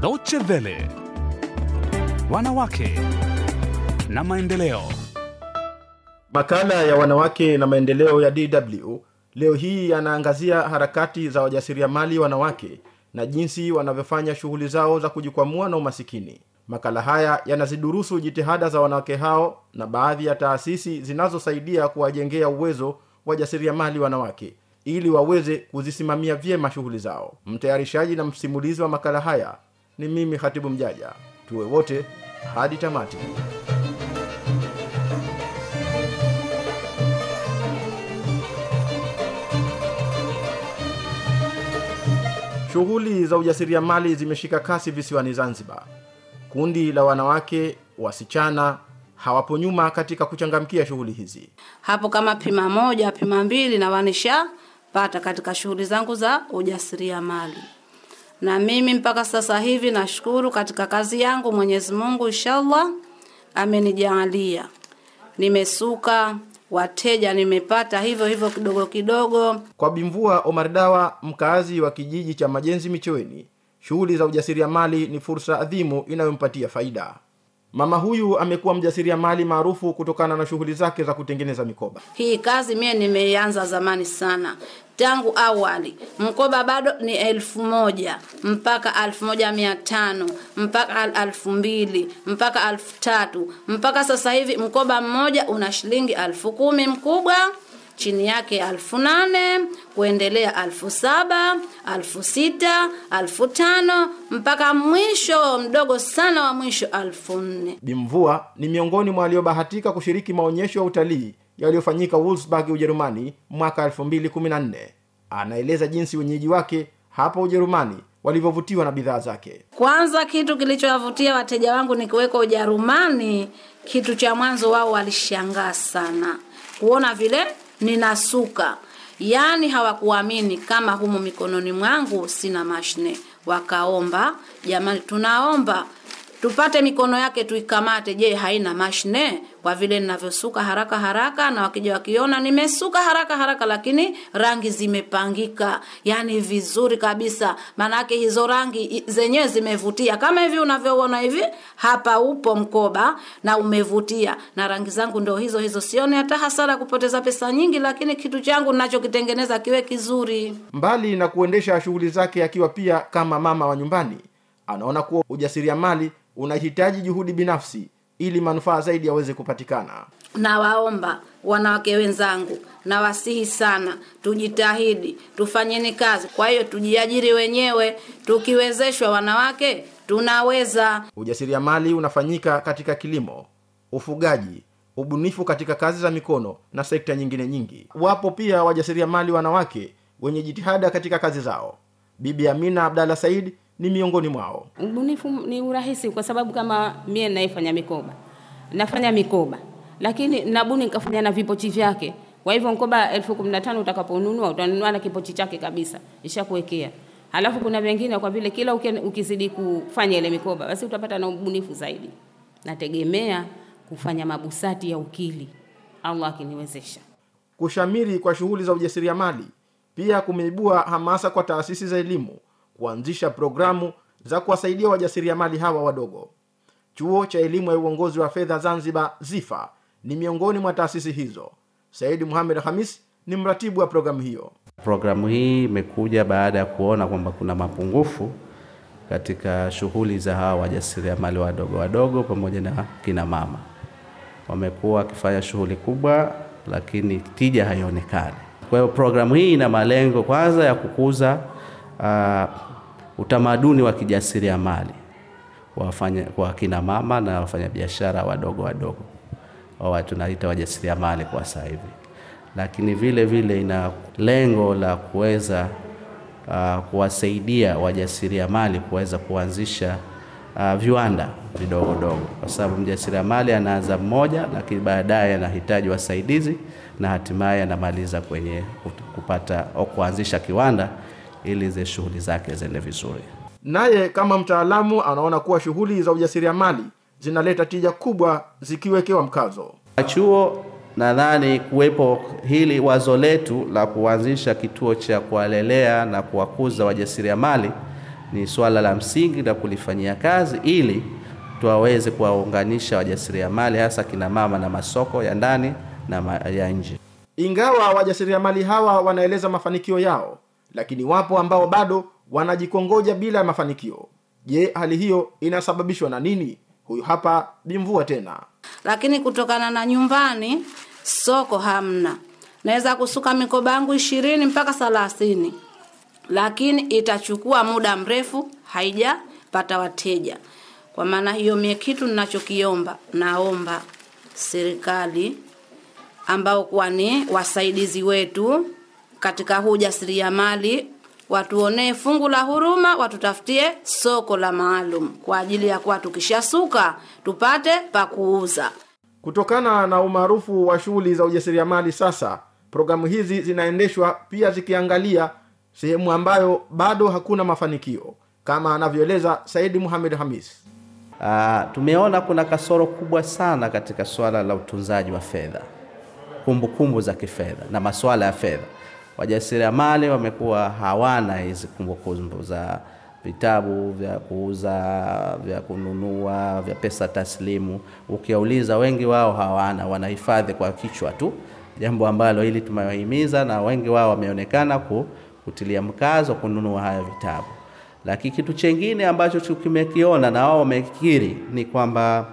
Deutsche Welle, wanawake na maendeleo. Makala ya wanawake na maendeleo ya DW leo hii yanaangazia harakati za wajasiriamali wanawake na jinsi wanavyofanya shughuli zao za kujikwamua na umasikini. Makala haya yanazidurusu jitihada za wanawake hao na baadhi ya taasisi zinazosaidia kuwajengea uwezo wajasiriamali wanawake ili waweze kuzisimamia vyema shughuli zao mtayarishaji na msimulizi wa makala haya ni mimi hatibu mjaja tuwe wote hadi tamati shughuli za ujasiriamali zimeshika kasi visiwani zanzibar kundi la wanawake wasichana hawapo nyuma katika kuchangamkia shughuli hizi hapo kama pima moja pima mbili na wanisha nilizopata katika shughuli zangu za ujasiriamali. Na mimi mpaka sasa hivi nashukuru katika kazi yangu, Mwenyezi Mungu inshallah amenijalia. Nimesuka wateja nimepata hivyo hivyo kidogo kidogo. Kwa Bimvua Omar Dawa, mkaazi wa kijiji cha Majenzi Micheweni, shughuli za ujasiriamali ni fursa adhimu inayompatia faida. Mama huyu amekuwa mjasiriamali maarufu kutokana na shughuli zake za kutengeneza mikoba. Hii kazi mie nimeanza zamani sana, tangu awali mkoba bado ni elfu moja mpaka alfu moja mia tano mpaka alfu mbili mpaka alfu tatu mpaka sasa hivi mkoba mmoja una shilingi alfu kumi mkubwa chini yake alfu nane kuendelea alfu saba alfu sita alfu tano mpaka mwisho mdogo sana wa mwisho alfu nne bimvua ni miongoni mwa waliobahatika kushiriki maonyesho ya utalii yaliyofanyika Wolfsburg Ujerumani mwaka 2014. Anaeleza jinsi wenyeji wake hapo Ujerumani walivyovutiwa na bidhaa zake. Kwanza, kitu kilichowavutia wateja wangu ni kuweka Ujerumani. Kitu cha mwanzo, wao walishangaa sana kuona vile ninasuka. Yaani hawakuamini kama humu mikononi mwangu sina mashine. Wakaomba, jamani, tunaomba tupate mikono yake tuikamate. Je, haina mashine? Kwa vile ninavyosuka haraka haraka, na wakija wakiona nimesuka haraka haraka, lakini rangi zimepangika, yani vizuri kabisa. Maanake hizo rangi zenyewe zimevutia, kama hivi unavyoona hivi. Hapa upo mkoba na umevutia, na rangi zangu ndio hizo hizo. Sione hata hasara kupoteza pesa nyingi, lakini kitu changu ninachokitengeneza kiwe kizuri. Mbali na kuendesha shughuli zake akiwa pia kama mama wa nyumbani, anaona kuwa ujasiria mali unahitaji juhudi binafsi ili manufaa zaidi yaweze kupatikana nawaomba wanawake wenzangu nawasihi sana tujitahidi tufanyeni kazi kwa hiyo tujiajiri wenyewe tukiwezeshwa wanawake tunaweza ujasiriamali unafanyika katika kilimo ufugaji ubunifu katika kazi za mikono na sekta nyingine nyingi wapo pia wajasiriamali wanawake wenye jitihada katika kazi zao bibi amina abdalah said ni miongoni mwao. Ubunifu ni urahisi, kwa sababu kama mie naifanya mikoba, nafanya mikoba lakini nabuni nikafanya na vipochi vyake. Kwa hivyo mkoba elfu kumi na tano utakaponunua utanunua na kipochi chake kabisa, ishakuwekea. Halafu kuna vingine, kwa vile kila ukizidi kufanya ile mikoba, basi utapata na ubunifu zaidi. Nategemea kufanya mabusati ya ukili, Allah akiniwezesha. Kushamiri kwa shughuli za ujasiriamali pia kumeibua hamasa kwa taasisi za elimu kuanzisha programu za kuwasaidia wajasiriamali hawa wadogo. Chuo cha elimu ya uongozi wa fedha Zanzibar, ZIFA, ni miongoni mwa taasisi hizo. Saidi Muhamed Hamis ni mratibu wa programu hiyo. Programu hii imekuja baada ya kuona kwamba kuna mapungufu katika shughuli za hawa wajasiriamali wadogo wadogo pamoja na kina mama. Wamekuwa wakifanya shughuli kubwa, lakini tija haionekani. Kwa hiyo programu hii ina malengo kwanza ya kukuza uh, utamaduni wa kijasiriamali kwa kina mama na wafanyabiashara wadogo wadogo wa tunaita wajasiriamali kwa sasa hivi, lakini vile vile ina lengo la kuweza uh, kuwasaidia wajasiriamali kuweza kuanzisha uh, viwanda vidogo dogo, kwa sababu mjasiriamali anaanza mmoja, lakini baadaye anahitaji wasaidizi na hatimaye anamaliza kwenye kupata au kuanzisha kiwanda ili ze shughuli zake ziende vizuri. Naye kama mtaalamu anaona kuwa shughuli za ujasiriamali zinaleta tija kubwa zikiwekewa mkazo. Chuo nadhani kuwepo hili wazo letu la kuanzisha kituo cha kuwalelea na kuwakuza wajasiriamali ni swala la msingi la kulifanyia kazi ili tuwaweze kuwaunganisha wajasiriamali hasa kina mama na masoko ya ndani na ya nje. Ingawa wajasiriamali hawa wanaeleza mafanikio yao lakini wapo ambao bado wanajikongoja bila ya mafanikio. Je, hali hiyo inasababishwa na nini? Huyu hapa ni Mvua tena. Lakini kutokana na nyumbani soko hamna, naweza kusuka mikoba yangu ishirini mpaka thalathini lakini itachukua muda mrefu, haijapata wateja. Kwa maana hiyo, mie kitu ninachokiomba, naomba serikali ambao kuwa ni wasaidizi wetu katika huu mali watuonee fungu la huruma, watutafutie soko la maalum kwa ajili ya kuwa tukishasuka tupate pa kuuza. Kutokana na umaarufu wa shughuli za ujasiriamali, sasa programu hizi zinaendeshwa pia zikiangalia sehemu ambayo bado hakuna mafanikio, kama anavyoeleza Saidi Muhamed Hamis. Uh, tumeona kuna kasoro kubwa sana katika swala la utunzaji wa fedha, kumbukumbu za kifedha na masuala ya fedha wajasiriamali wamekuwa hawana hizi kumbukumbu za vitabu vya kuuza, vya kununua, vya pesa taslimu. Ukiwauliza wengi wao hawana, wanahifadhi kwa kichwa tu, jambo ambalo hili tumewahimiza, na wengi wao wameonekana kutilia mkazo kununua hayo vitabu. Lakini kitu chengine ambacho tumekiona na wao wamekiri ni kwamba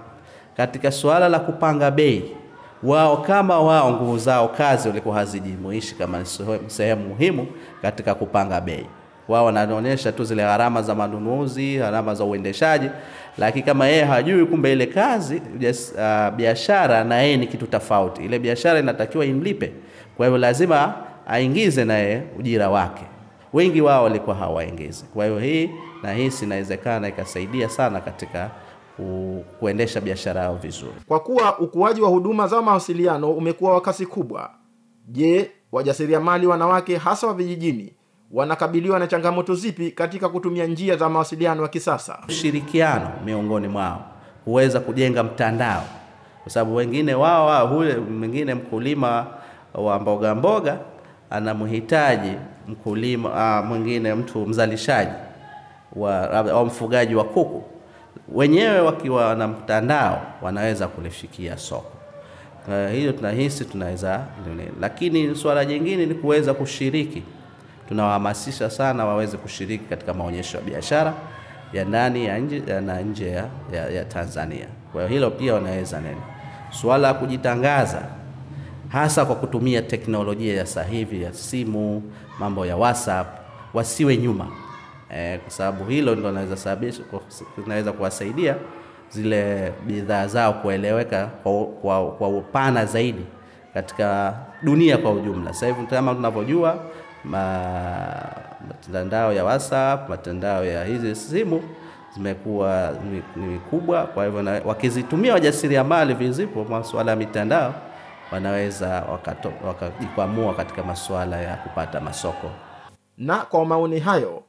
katika suala la kupanga bei wao kama wao nguvu zao kazi walikuwa hazijimuishi kama sehemu muhimu katika kupanga bei. Wao wanaonyesha tu zile gharama za manunuzi, gharama za uendeshaji, lakini kama yeye hajui kumbe ile kazi yes, uh, biashara na yeye ni kitu tofauti. Ile biashara inatakiwa imlipe, kwa hivyo lazima aingize na yeye ujira wake. Wengi wao walikuwa hawaingizi. Kwa hiyo hii na hii inawezekana ikasaidia sana katika kuendesha biashara yao vizuri. Kwa kuwa ukuaji wa huduma za mawasiliano umekuwa wa kasi kubwa, je, wajasiriamali wanawake hasa wa vijijini wanakabiliwa na changamoto zipi katika kutumia njia za mawasiliano ya kisasa? Ushirikiano miongoni mwao huweza kujenga mtandao, kwa sababu wengine wao wao, huyo mwingine mkulima wa mboga mboga anamhitaji mkulima ah, mwingine mtu mzalishaji wa, au mfugaji wa kuku wenyewe wakiwa na mtandao wanaweza kulifikia soko. Uh, hiyo tunahisi tunaweza, lakini suala jingine ni kuweza kushiriki. Tunawahamasisha sana waweze kushiriki katika maonyesho ya biashara ya ndani ya nje na nje ya, ya, ya Tanzania. Kwa hiyo hilo pia wanaweza nini, suala la kujitangaza hasa kwa kutumia teknolojia ya sasa hivi ya simu, mambo ya WhatsApp, wasiwe nyuma e, kwa sababu hilo ndo linaweza sababisha kuwasaidia zile bidhaa zao kueleweka kwa, kwa, kwa upana zaidi katika dunia kwa ujumla. Sasa hivi kama tunavyojua mitandao ya WhatsApp, mitandao ya hizi simu zimekuwa ni mikubwa. Kwa hivyo wakizitumia wajasiriamali vizipo masuala ya mitandao, wanaweza wakajikwamua katika masuala ya kupata masoko. Na kwa maoni hayo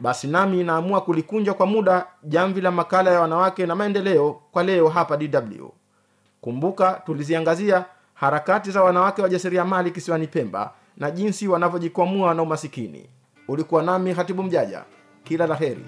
basi nami naamua kulikunja kwa muda jamvi la makala ya wanawake na maendeleo kwa leo hapa DW. Kumbuka tuliziangazia harakati za wanawake wajasiriamali kisiwani Pemba na jinsi wanavyojikwamua na umasikini. Ulikuwa nami Hatibu Mjaja, kila la heri.